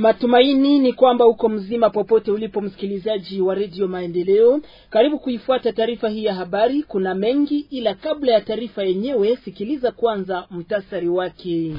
Matumaini ni kwamba uko mzima popote ulipo, msikilizaji wa redio Maendeleo. Karibu kuifuata taarifa hii ya habari. Kuna mengi, ila kabla ya taarifa yenyewe, sikiliza kwanza mtasari wake.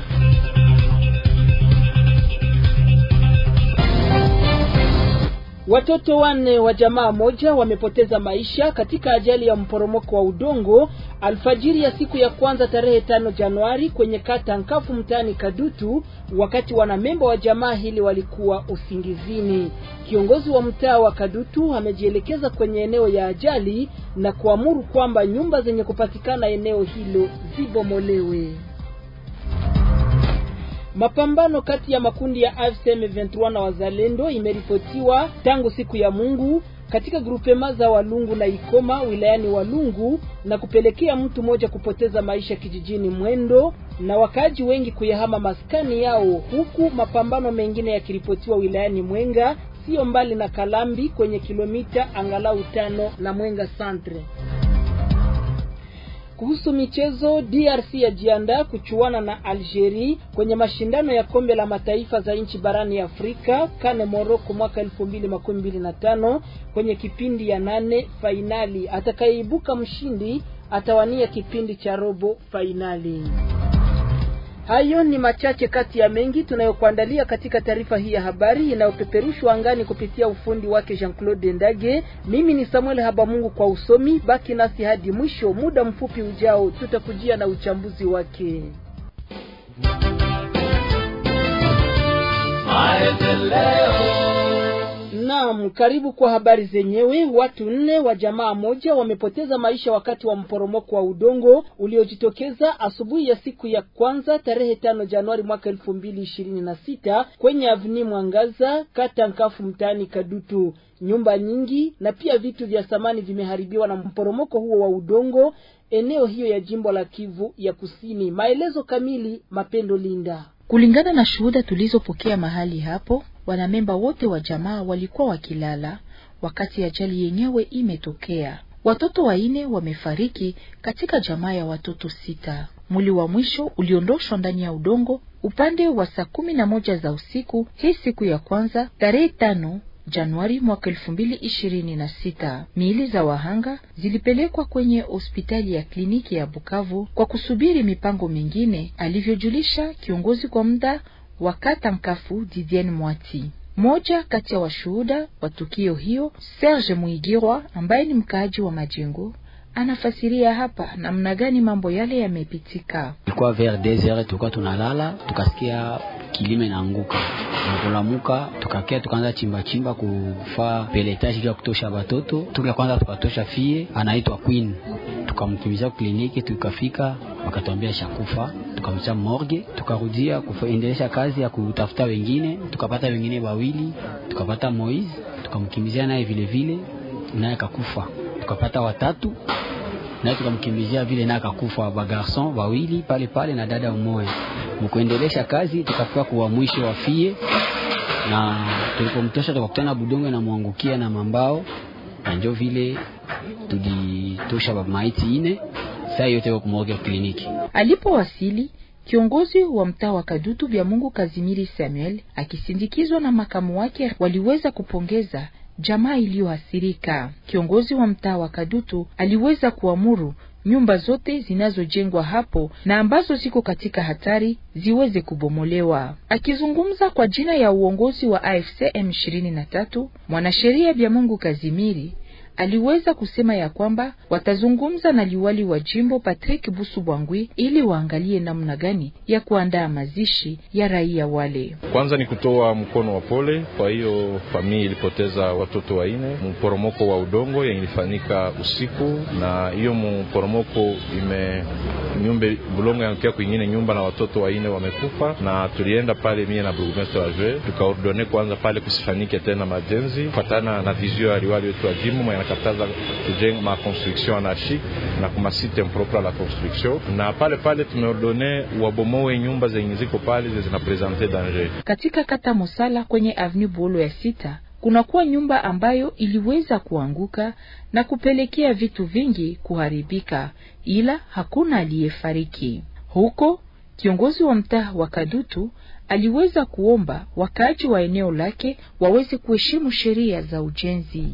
Watoto wanne wa jamaa moja wamepoteza maisha katika ajali ya mporomoko wa udongo alfajiri ya siku ya kwanza tarehe tano Januari kwenye kata Nkafu mtaani Kadutu, wakati wanamemba wa jamaa hili walikuwa usingizini. Kiongozi wa mtaa wa Kadutu amejielekeza kwenye eneo ya ajali na kuamuru kwamba nyumba zenye kupatikana eneo hilo zibomolewe. Mapambano kati ya makundi ya AFC M23 na wazalendo imeripotiwa tangu siku ya Mungu katika grupema za Walungu na Ikoma wilayani Walungu na kupelekea mtu mmoja kupoteza maisha kijijini Mwendo na wakaaji wengi kuyahama maskani yao, huku mapambano mengine yakiripotiwa wilayani Mwenga, siyo mbali na Kalambi, kwenye kilomita angalau tano na Mwenga Centre. Kuhusu michezo, DRC yajiandaa kuchuana na Algeria kwenye mashindano ya kombe la mataifa za nchi barani Afrika kane Morocco mwaka 2025 kwenye kipindi ya nane fainali. Atakayeibuka mshindi atawania kipindi cha robo fainali. Hayo ni machache kati ya mengi tunayokuandalia katika taarifa hii ya habari inayopeperushwa angani kupitia ufundi wake Jean-Claude Ndage. Mimi ni Samuel Habamungu kwa usomi. Baki nasi hadi mwisho, muda mfupi ujao tutakujia na uchambuzi wake. Maendeleo. Naam, karibu kwa habari zenyewe. Watu nne wa jamaa moja wamepoteza maisha wakati wa mporomoko wa udongo uliojitokeza asubuhi ya siku ya kwanza tarehe tano Januari mwaka elfu mbili ishirini na sita kwenye avni Mwangaza, kata Nkafu, mtaani Kadutu. Nyumba nyingi na pia vitu vya samani vimeharibiwa na mporomoko huo wa udongo eneo hiyo ya jimbo la Kivu ya Kusini. Maelezo kamili, Mapendo Linda. Kulingana na shuhuda tulizopokea mahali hapo, Wanamemba wote wa jamaa walikuwa wakilala wakati ajali yenyewe imetokea. Watoto waine wamefariki katika jamaa ya watoto sita. Mwili wa mwisho uliondoshwa ndani ya udongo upande wa saa kumi na moja za usiku hii siku ya kwanza tarehe tano Januari mwaka elfu mbili ishirini na sita. Miili za wahanga zilipelekwa kwenye hospitali ya kliniki ya Bukavu kwa kusubiri mipango mingine, alivyojulisha kiongozi kwa muda wakata mkafu Didienne Mwati. Moja kati ya washuhuda wa tukio hiyo, Serge mwigirwa ambaye ni mkaaji wa Majengo, anafasiria hapa namna gani mambo yale yamepitika. Tulikuwa vers 2h tulikuwa tunalala, tukasikia kilime naanguka Nakulamuka tukakea tukaanza chimba chimba kufaa peletaji vya kutosha batoto. Tuka kwanza tukatosha fie anaitwa Queen, tukamkimbiza kliniki, tukafika wakatuambia shakufa, tukamcha morge tukarudia kuendelesha kazi ya kutafuta wengine, tukapata wengine wawili, tukapata Moise, tukamkimbizia naye vile vile naye kakufa, tukapata watatu naye tukamkimbizia vile, na akakufa ba garçon wawili pale pale na dada mmoja Mkuendelesha kazi tukafika kuwa mwisho wafie, na tulipomtosha tukakutana budongo na mwangukia na mambao, na njo vile tulitosha maiti ine saa yote kumwoga kliniki. Alipowasili kiongozi wa mtaa wa Kadutu vya Mungu Kazimiri Samuel akisindikizwa na makamu wake waliweza kupongeza jamaa iliyoathirika. Kiongozi wa mtaa wa Kadutu aliweza kuamuru nyumba zote zinazojengwa hapo na ambazo ziko katika hatari ziweze kubomolewa. Akizungumza kwa jina ya uongozi wa AFC M23, mwanasheria vya Mungu Kazimiri aliweza kusema ya kwamba watazungumza na liwali wa jimbo Patrick bwangwi ili waangalie namna gani ya kuandaa mazishi ya raia wale. Kwanza ni kutoa mkono wa pole kwa hiyo familia ilipoteza watoto waine mporomoko wa udongo yenye ilifanyika usiku, na hiyo mporomoko ime nyumbe bulongo yankia kwingine nyumba na watoto waine wamekufa, na tulienda pale mie na burgomestre wajwe tukaordone kwanza pale kusifanyike tena majenzi kufatana na vizio ya liwali wetu wa jimbo inakataza kujenga makonstruction anashik na kumasite impropre la construction, na pale pale tumeordone wabomoe nyumba zenye ziko pale zinapresente danger. Katika kata Mosala kwenye avenue Bolo ya sita kunakuwa nyumba ambayo iliweza kuanguka na kupelekea vitu vingi kuharibika, ila hakuna aliyefariki huko. Kiongozi wa mtaa wa Kadutu aliweza kuomba wakaaji wa eneo lake waweze kuheshimu sheria za ujenzi.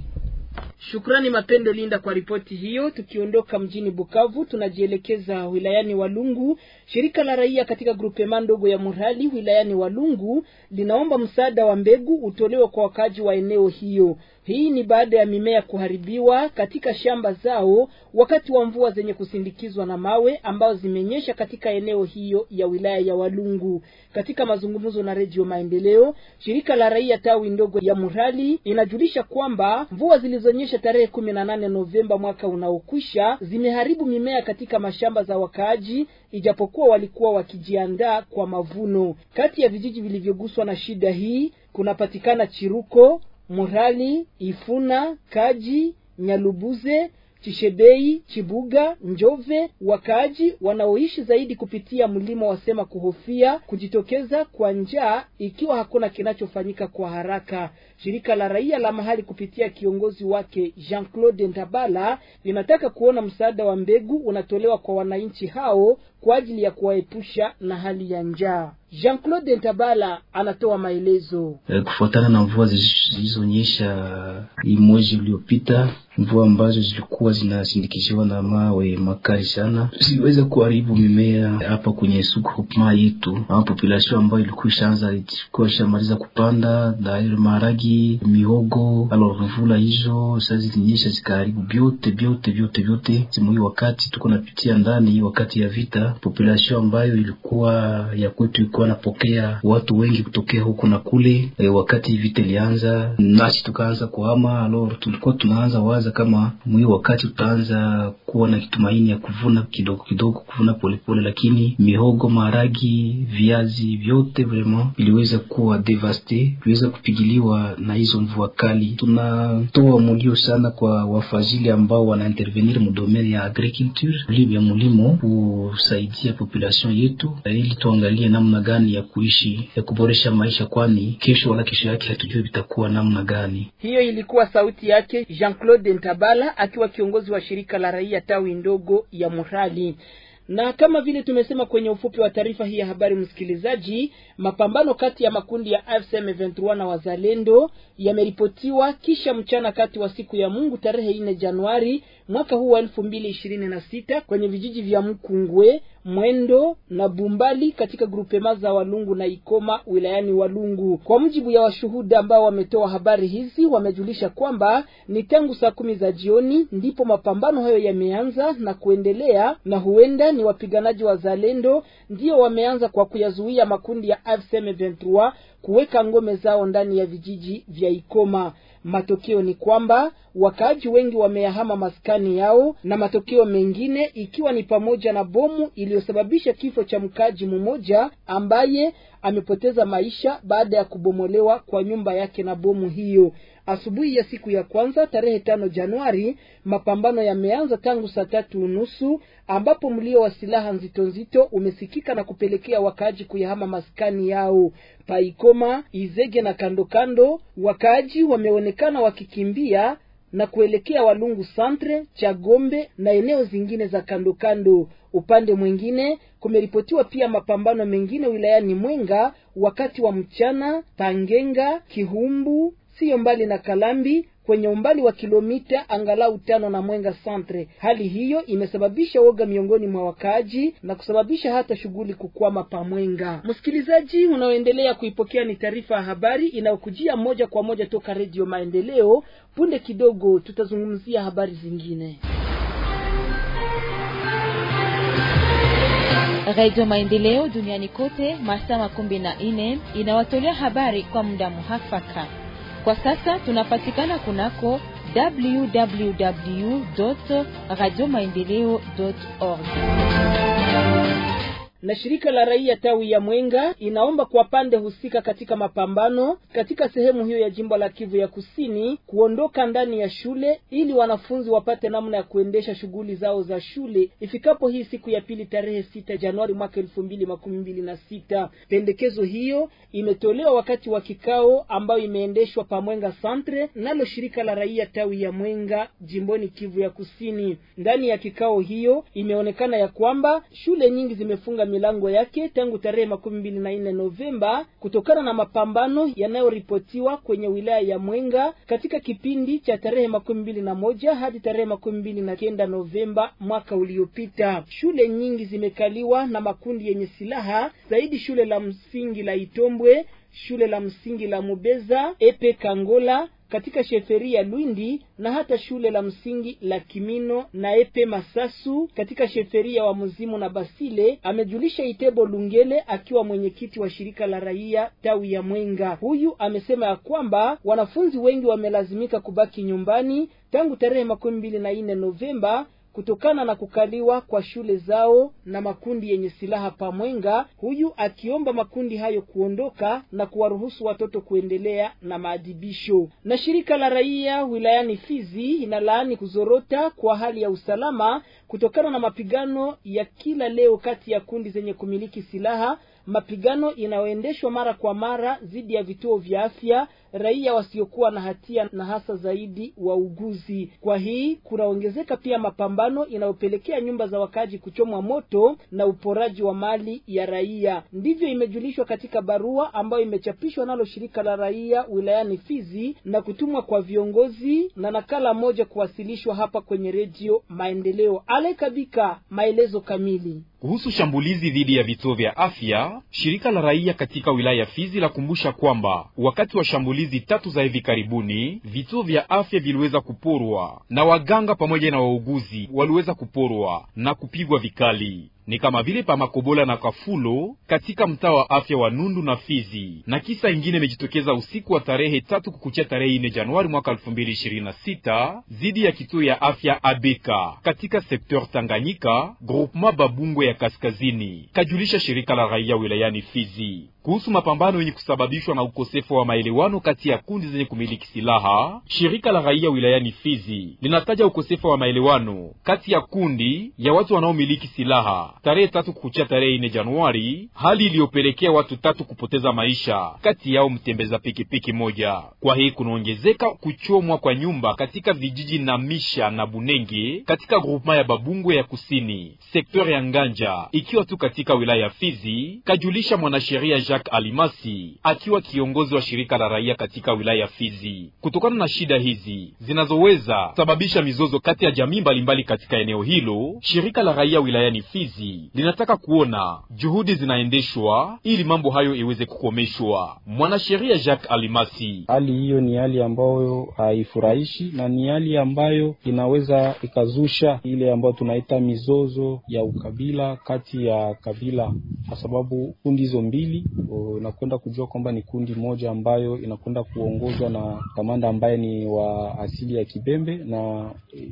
Shukrani Mapendo Linda kwa ripoti hiyo. Tukiondoka mjini Bukavu, tunajielekeza wilayani Walungu. Shirika la raia katika grupema ndogo ya Murali wilayani Walungu linaomba msaada wa mbegu utolewe kwa wakaaji wa eneo hiyo. Hii ni baada ya mimea kuharibiwa katika shamba zao wakati wa mvua zenye kusindikizwa na mawe ambao zimenyesha katika eneo hiyo ya wilaya ya Walungu. Katika mazungumzo na Redio Maendeleo, shirika la raia tawi ndogo ya Murali inajulisha kwamba mvua zilizonyesha tarehe kumi na nane Novemba mwaka unaokwisha zimeharibu mimea katika mashamba za wakaaji, ijapokuwa walikuwa wakijiandaa kwa mavuno. Kati ya vijiji vilivyoguswa na shida hii kunapatikana Chiruko Murali, Ifuna, Kaji, Nyalubuze, Chishebei, Chibuga, Njove. Wakaaji wanaoishi zaidi kupitia mlima wasema kuhofia kujitokeza kwa njaa ikiwa hakuna kinachofanyika kwa haraka. Shirika la raia la mahali kupitia kiongozi wake Jean-Claude Ndabala linataka kuona msaada wa mbegu unatolewa kwa wananchi hao kwa ajili ya kuwaepusha na hali ya njaa. Jean-Claude Ntabala anatoa maelezo. Eh, kufuatana na mvua zilizonyesha uh, hii mwezi uliopita, mvua ambazo zilikuwa zinasindikishiwa na mawe makali sana, ziliweza kuharibu mimea hapa kwenye sukuma yetu, ama population ambayo ilikuwa ishaanza ilikuwa ishamaliza kupanda na ile maharagi, mihogo, alo mvula hizo sasa zilinyesha zikaharibu vyote vyote vyote vyote. Simu hii wakati tuko napitia ndani, wakati ya vita population ambayo ilikuwa ya kwetu, ilikuwa napokea watu wengi kutokea huku na kule. E, wakati vita ilianza nasi tukaanza kuhama, alor tulikuwa tunaanza waza kama mwi wakati tutaanza kuwa na kitumaini ya kuvuna kidogo kidogo, kuvuna polepole, lakini mihogo, maharagi, viazi vyote vraiment iliweza kuwa devaste, iliweza kupigiliwa na hizo mvua kali. Tunatoa mulio sana kwa wafadhili ambao wanaintervenir intervenir mudomeni ya agriculture, ya mulimo kusa kusaidia population yetu eh, ili tuangalie namna gani ya kuishi ya kuboresha maisha, kwani kesho wala kesho yake hatujui vitakuwa namna gani. Hiyo ilikuwa sauti yake Jean-Claude Ntabala akiwa kiongozi wa shirika la raia tawi ndogo ya Murali na kama vile tumesema kwenye ufupi wa taarifa hii ya habari, msikilizaji, mapambano kati ya makundi ya AFC M23 na wazalendo yameripotiwa kisha mchana kati wa siku ya Mungu tarehe 4 Januari mwaka huu wa elfu mbili ishirini na sita kwenye vijiji vya Mkungwe, Mwendo na Bumbali katika grupema za Walungu na Ikoma wilayani Walungu. Kwa mujibu ya washuhuda ambao wametoa habari hizi, wamejulisha kwamba ni tangu saa kumi za jioni ndipo mapambano hayo yameanza na kuendelea, na huenda ni wapiganaji wa Zalendo ndio wameanza kwa kuyazuia makundi ya AFC M23 kuweka ngome zao ndani ya vijiji vya Ikoma. Matokeo ni kwamba wakaaji wengi wameyahama maskani yao, na matokeo mengine ikiwa ni pamoja na bomu iliyosababisha kifo cha mkaaji mmoja ambaye amepoteza maisha baada ya kubomolewa kwa nyumba yake na bomu hiyo. Asubuhi ya siku ya kwanza tarehe tano Januari, mapambano yameanza tangu saa tatu unusu ambapo mlio wa silaha nzito nzito umesikika na kupelekea wakaaji kuyahama maskani yao Paikoma, Izege na kando kando. Wakaaji wameonekana wakikimbia na kuelekea Walungu santre Chagombe na eneo zingine za kando kando. Upande mwingine kumeripotiwa pia mapambano mengine wilayani Mwenga wakati wa mchana Pangenga, Kihumbu siyo mbali na Kalambi kwenye umbali wa kilomita angalau tano na Mwenga Centre. Hali hiyo imesababisha woga miongoni mwa wakaaji na kusababisha hata shughuli kukwama pa Mwenga. Msikilizaji unaoendelea kuipokea ni taarifa ya habari inayokujia moja kwa moja toka Redio Maendeleo. Punde kidogo tutazungumzia habari zingine. Radio Maendeleo duniani kote masaa makumi na nne inawatolea habari kwa muda muhafaka. Kwa sasa tunapatikana kunako www radio maendeleo org na shirika la raia tawi ya Mwenga inaomba kwa pande husika katika mapambano katika sehemu hiyo ya jimbo la Kivu ya Kusini kuondoka ndani ya shule ili wanafunzi wapate namna ya kuendesha shughuli zao za shule ifikapo hii siku ya pili tarehe sita Januari mwaka elfu mbili makumi mbili na sita. Pendekezo hiyo imetolewa wakati wa kikao ambayo imeendeshwa pa Mwenga Centre nalo shirika la raia tawi ya Mwenga jimboni Kivu ya Kusini. Ndani ya kikao hiyo imeonekana ya kwamba shule nyingi zimefunga milango yake tangu tarehe makumi mbili na nne Novemba kutokana na mapambano yanayoripotiwa kwenye wilaya ya Mwenga katika kipindi cha tarehe makumi mbili na moja hadi tarehe makumi mbili na kenda Novemba mwaka uliopita. Shule nyingi zimekaliwa na makundi yenye silaha zaidi, shule la msingi la Itombwe, shule la msingi la Mubeza, Epe Kangola katika sheferi ya Lwindi na hata shule la msingi la Kimino na Epe Masasu katika sheferi ya Wamuzimu na Basile, amejulisha Itebo Lungele akiwa mwenyekiti wa shirika la raia tawi ya Mwenga. Huyu amesema ya kwamba wanafunzi wengi wamelazimika kubaki nyumbani tangu tarehe makumi mbili na nne Novemba kutokana na kukaliwa kwa shule zao na makundi yenye silaha pamwenga, huyu akiomba makundi hayo kuondoka na kuwaruhusu watoto kuendelea na maadhibisho. Na shirika la raia wilayani Fizi inalaani kuzorota kwa hali ya usalama kutokana na mapigano ya kila leo kati ya kundi zenye kumiliki silaha mapigano inayoendeshwa mara kwa mara dhidi ya vituo vya afya, raia wasiokuwa na hatia na hasa zaidi wauguzi. Kwa hii kunaongezeka pia mapambano inayopelekea nyumba za wakaaji kuchomwa moto na uporaji wa mali ya raia. Ndivyo imejulishwa katika barua ambayo imechapishwa nalo shirika la raia wilayani Fizi na kutumwa kwa viongozi na nakala moja kuwasilishwa hapa kwenye redio Maendeleo. Alekabika, Kabika maelezo kamili kuhusu shambulizi dhidi ya vituo vya afya shirika la raia katika wilaya Fizi lakumbusha kwamba wakati wa shambulizi tatu za hivi karibuni vituo vya afya viliweza kuporwa na waganga pamoja na wauguzi waliweza kuporwa na kupigwa vikali ni kama vile pa Makobola na Kafulo katika mtaa wa afya wa Nundu na Fizi, na kisa ingine imejitokeza usiku wa tarehe tatu kukuchia tarehe ine Januari mwaka sita zidi ya kituo ya afya Abeka katika sektor Tanganyika groupement Babungwe ya kaskazini, kajulisha shirika la raia wilayani Fizi kuhusu mapambano yenye kusababishwa na ukosefu wa maelewano kati ya kundi zenye kumiliki silaha. Shirika la raia wilayani Fizi linataja ukosefu wa maelewano kati ya kundi ya watu wanaomiliki silaha tarehe tatu kukuchia tarehe nne Januari, hali iliyopelekea watu tatu kupoteza maisha, kati yao mtembeza pikipiki moja. Kwa hii kunaongezeka kuchomwa kwa nyumba katika vijiji na Misha na Bunenge katika grupema ya Babungwe ya kusini sektori ya Nganja ikiwa tu katika wilaya ya Fizi, kajulisha mwanasheria Jacques Alimasi akiwa kiongozi wa shirika la raia katika wilaya ya Fizi. Kutokana na shida hizi zinazoweza kusababisha mizozo kati ya jamii mbalimbali katika eneo hilo, shirika la raia wilayani Fizi linataka kuona juhudi zinaendeshwa ili mambo hayo iweze kukomeshwa. Mwanasheria Jacques Alimasi: hali hiyo ni hali ambayo haifurahishi na ni hali ambayo inaweza ikazusha ile ambayo tunaita mizozo ya ukabila kati ya kabila, kwa sababu kundi hizo mbili unakwenda uh, kujua kwamba ni kundi moja ambayo inakwenda kuongozwa na kamanda ambaye ni wa asili ya Kibembe, na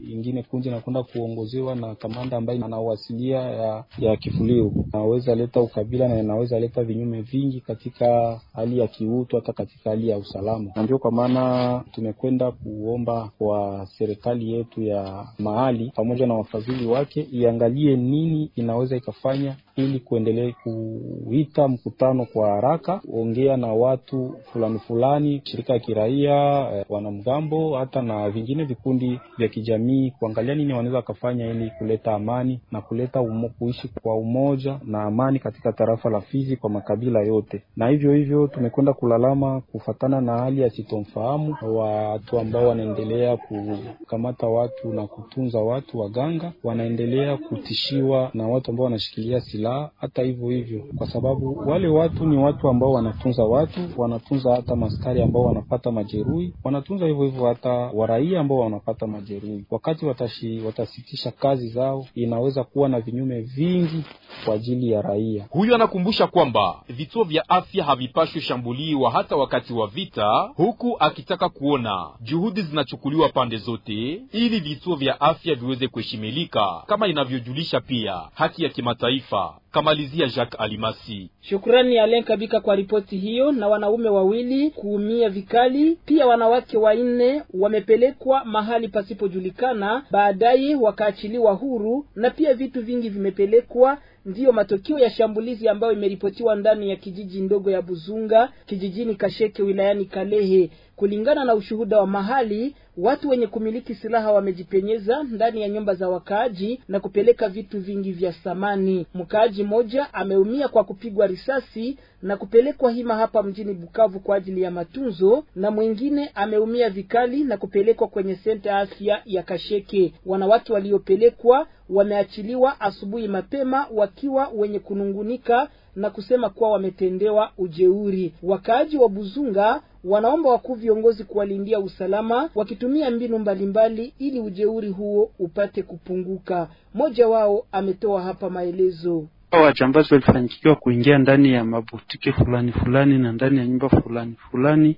ingine kundi inakwenda kuongozewa na kamanda ambaye ana ya, ya Kifulio. Naweza leta ukabila na inaweza leta vinyume vingi katika hali ya kiutu, hata katika hali ya usalama, na ndio kwa maana tumekwenda kuomba kwa serikali yetu ya mahali pamoja na wafadhili wake iangalie nini inaweza ikafanya ili kuendelea kuita mkutano kwa haraka, ongea na watu fulani fulani, shirika ya kiraia, eh, wanamgambo, hata na vingine vikundi vya kijamii, kuangalia nini wanaweza wakafanya ili kuleta amani na kuleta umo, kuishi kwa umoja na amani katika tarafa la Fizi kwa makabila yote. Na hivyo hivyo tumekwenda kulalama kufatana na hali ya sitomfahamu, watu ambao wanaendelea kukamata watu na kutunza watu, waganga wanaendelea kutishiwa na watu ambao wanashikilia silaha silaha hata hivyo hivyo, kwa sababu wale watu ni watu ambao wanatunza watu, wanatunza hata maskari ambao wanapata majeruhi, wanatunza hivyo hivyo hata waraia ambao wanapata majeruhi. Wakati watashi, watasitisha kazi zao, inaweza kuwa na vinyume vingi kwa ajili ya raia. Huyu anakumbusha kwamba vituo vya afya havipashwi shambuliwa hata wakati wa vita, huku akitaka kuona juhudi zinachukuliwa pande zote ili vituo vya afya viweze kuheshimilika kama inavyojulisha pia haki ya kimataifa. Kamalizia Jacques Alimasi. Shukrani Alen Kabika kwa ripoti hiyo. Na wanaume wawili kuumia vikali, pia wanawake wanne wamepelekwa mahali pasipojulikana, baadaye wakaachiliwa huru, na pia vitu vingi vimepelekwa. Ndiyo matokeo ya shambulizi ambayo imeripotiwa ndani ya kijiji ndogo ya Buzunga kijijini Kasheke wilayani Kalehe. Kulingana na ushuhuda wa mahali, watu wenye kumiliki silaha wamejipenyeza ndani ya nyumba za wakaaji na kupeleka vitu vingi vya samani Mkaaji mmoja ameumia kwa kupigwa risasi na kupelekwa hima hapa mjini Bukavu kwa ajili ya matunzo, na mwingine ameumia vikali na kupelekwa kwenye senta ya afya ya Kasheke. Wanawake waliopelekwa wameachiliwa asubuhi mapema wakiwa wenye kunungunika na kusema kuwa wametendewa ujeuri. Wakaaji wa Buzunga wanaomba wakuu viongozi kuwalindia usalama wakitumia mbinu mbalimbali ili ujeuri huo upate kupunguka. Mmoja wao ametoa hapa maelezo. Wajambazi walifanikiwa kuingia ndani ya mabutiki fulani fulani na ndani ya nyumba fulani fulani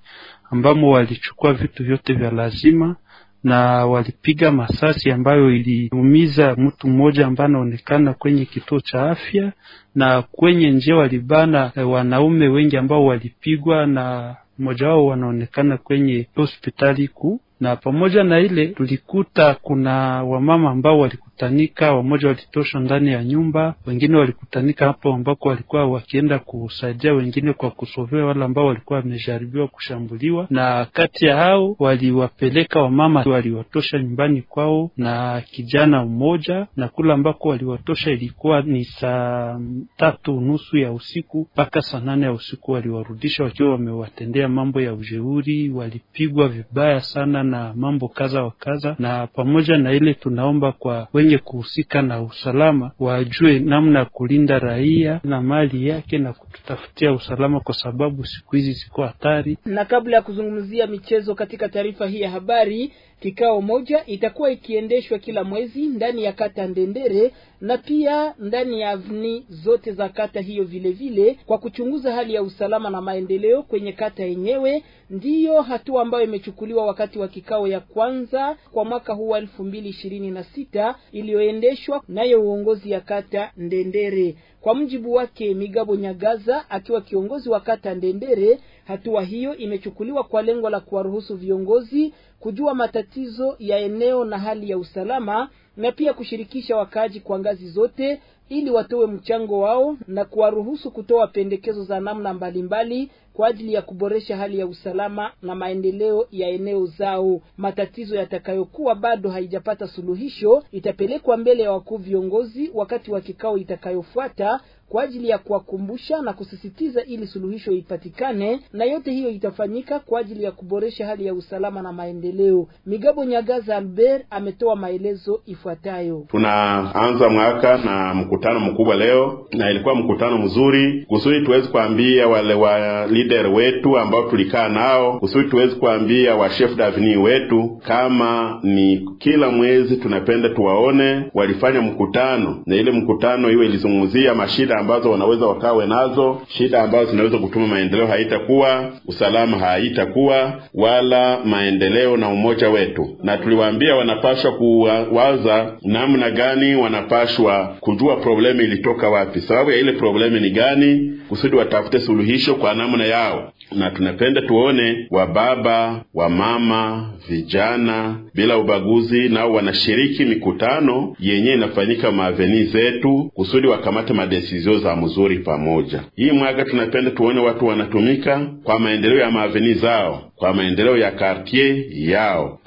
ambamo walichukua vitu vyote vya lazima na walipiga masasi ambayo iliumiza mtu mmoja ambaye anaonekana kwenye kituo cha afya, na kwenye njia walibana eh, wanaume wengi ambao walipigwa, na mmoja wao wanaonekana kwenye hospitali kuu na pamoja na ile tulikuta kuna wamama ambao walikutanika, wamoja walitoshwa ndani ya nyumba, wengine walikutanika hapo ambako walikuwa wakienda kusaidia wengine kwa kusovea wale ambao walikuwa wamejaribiwa kushambuliwa, na kati ya hao waliwapeleka wamama waliwatosha nyumbani kwao na kijana mmoja, na kule ambako waliwatosha ilikuwa ni saa tatu nusu ya usiku mpaka saa nane ya usiku, waliwarudisha wakiwa wamewatendea mambo ya ujeuri, walipigwa vibaya sana na mambo kadha wa kadha, na pamoja na ile tunaomba kwa wenye kuhusika na usalama wajue namna ya kulinda raia na mali yake na kututafutia usalama, kwa sababu siku hizi ziko hatari. Na kabla ya kuzungumzia michezo katika taarifa hii ya habari Kikao moja itakuwa ikiendeshwa kila mwezi ndani ya kata Ndendere na pia ndani ya avni zote za kata hiyo vilevile vile, kwa kuchunguza hali ya usalama na maendeleo kwenye kata yenyewe. Ndiyo hatua ambayo imechukuliwa wakati wa kikao ya kwanza kwa mwaka huu wa elfu mbili ishirini na sita iliyoendeshwa nayo uongozi ya kata Ndendere. Kwa mjibu wake Migabo Nyagaza, akiwa kiongozi wa kata Ndendere, hatua hiyo imechukuliwa kwa lengo la kuwaruhusu viongozi kujua matatizo ya eneo na hali ya usalama na pia kushirikisha wakaaji kwa ngazi zote ili watoe mchango wao na kuwaruhusu kutoa pendekezo za namna mbalimbali kwa ajili ya kuboresha hali ya usalama na maendeleo ya eneo zao. Matatizo yatakayokuwa bado haijapata suluhisho itapelekwa mbele ya wakuu viongozi wakati wa kikao itakayofuata kwa ajili ya kuwakumbusha na kusisitiza ili suluhisho ipatikane, na yote hiyo itafanyika kwa ajili ya kuboresha hali ya usalama na maendeleo. Migabo Nyagaza Albert ametoa maelezo ifuatayo. Tunaanza mwaka na mkutano mkubwa leo, na ilikuwa mkutano mzuri kusudi tuweze kuambia wale wa leader wetu ambao tulikaa nao kusudi tuwezi kuambia washefu davini wetu kama ni kila mwezi tunapenda tuwaone. Walifanya mkutano na ile mkutano iwe ilizungumzia mashida ambazo wanaweza wakawe nazo, shida ambazo zinaweza kutuma maendeleo haitakuwa, usalama haitakuwa, wala maendeleo na umoja wetu, na tuliwaambia wanapashwa kuwaza namna gani, wanapashwa kujua problemu ilitoka wapi, sababu ya ile problemu ni gani, kusudi watafute suluhisho kwa namna ya yao, na tunapenda tuone wababa, mama vijana bila ubaguzi nao wanashiriki mikutano yenye inafanyika maaveni zetu kusudi wakamate madesizio za mzuri pamoja. Hii mwaka tunapenda tuone watu wanatumika kwa maendeleo ya maaveni zao, kwa maendeleo ya kartie yao.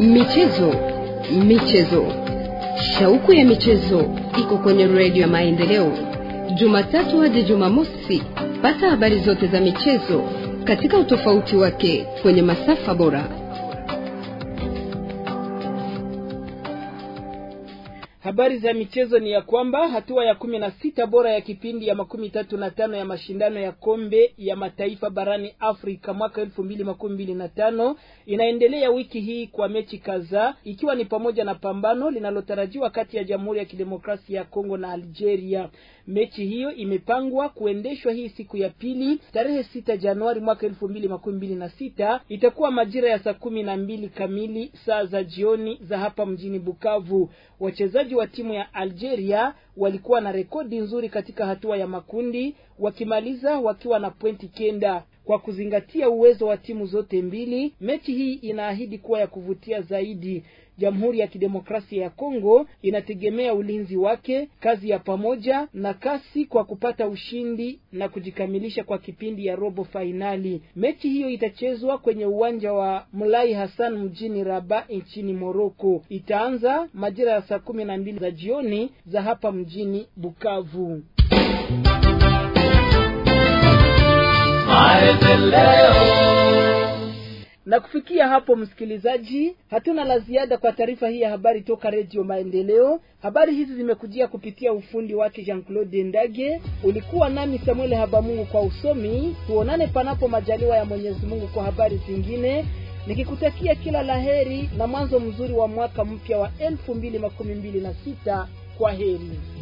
Michezo, michezo, shauku ya michezo iko kwenye redio ya maendeleo, Jumatatu hadi Jumamosi. Pata habari zote za michezo katika utofauti wake kwenye masafa bora. Habari za michezo ni ya kwamba hatua ya kumi na sita bora ya kipindi ya makumi tatu na tano ya mashindano ya kombe ya mataifa barani Afrika mwaka elfu mbili makumi mbili na tano inaendelea wiki hii kwa mechi kadhaa, ikiwa ni pamoja na pambano linalotarajiwa kati ya Jamhuri ya Kidemokrasia ya Kongo na Algeria. Mechi hiyo imepangwa kuendeshwa hii siku ya pili tarehe sita Januari mwaka elfu mbili makumi mbili na sita itakuwa majira ya saa kumi na mbili kamili saa za jioni za hapa mjini Bukavu. Wachezaji wa timu ya Algeria walikuwa na rekodi nzuri katika hatua ya makundi wakimaliza wakiwa na pointi kenda. Kwa kuzingatia uwezo wa timu zote mbili, mechi hii inaahidi kuwa ya kuvutia zaidi. Jamhuri ya Kidemokrasia ya Kongo inategemea ulinzi wake, kazi ya pamoja na kasi kwa kupata ushindi na kujikamilisha kwa kipindi ya robo fainali. Mechi hiyo itachezwa kwenye uwanja wa Mulai Hassan mjini Rabat nchini Moroko. Itaanza majira ya saa kumi na mbili za jioni za hapa mjini Bukavu. Maendeleo. Na kufikia hapo, msikilizaji, hatuna la ziada kwa taarifa hii ya habari toka Redio Maendeleo. Habari hizi zimekujia kupitia ufundi wake Jean Claude Ndage. Ulikuwa nami Samuel Habamungu kwa usomi. Tuonane panapo majaliwa ya Mwenyezi Mungu kwa habari zingine, nikikutakia kila laheri na mwanzo mzuri wa mwaka mpya wa elfu mbili makumi mbili na sita. Kwa heri.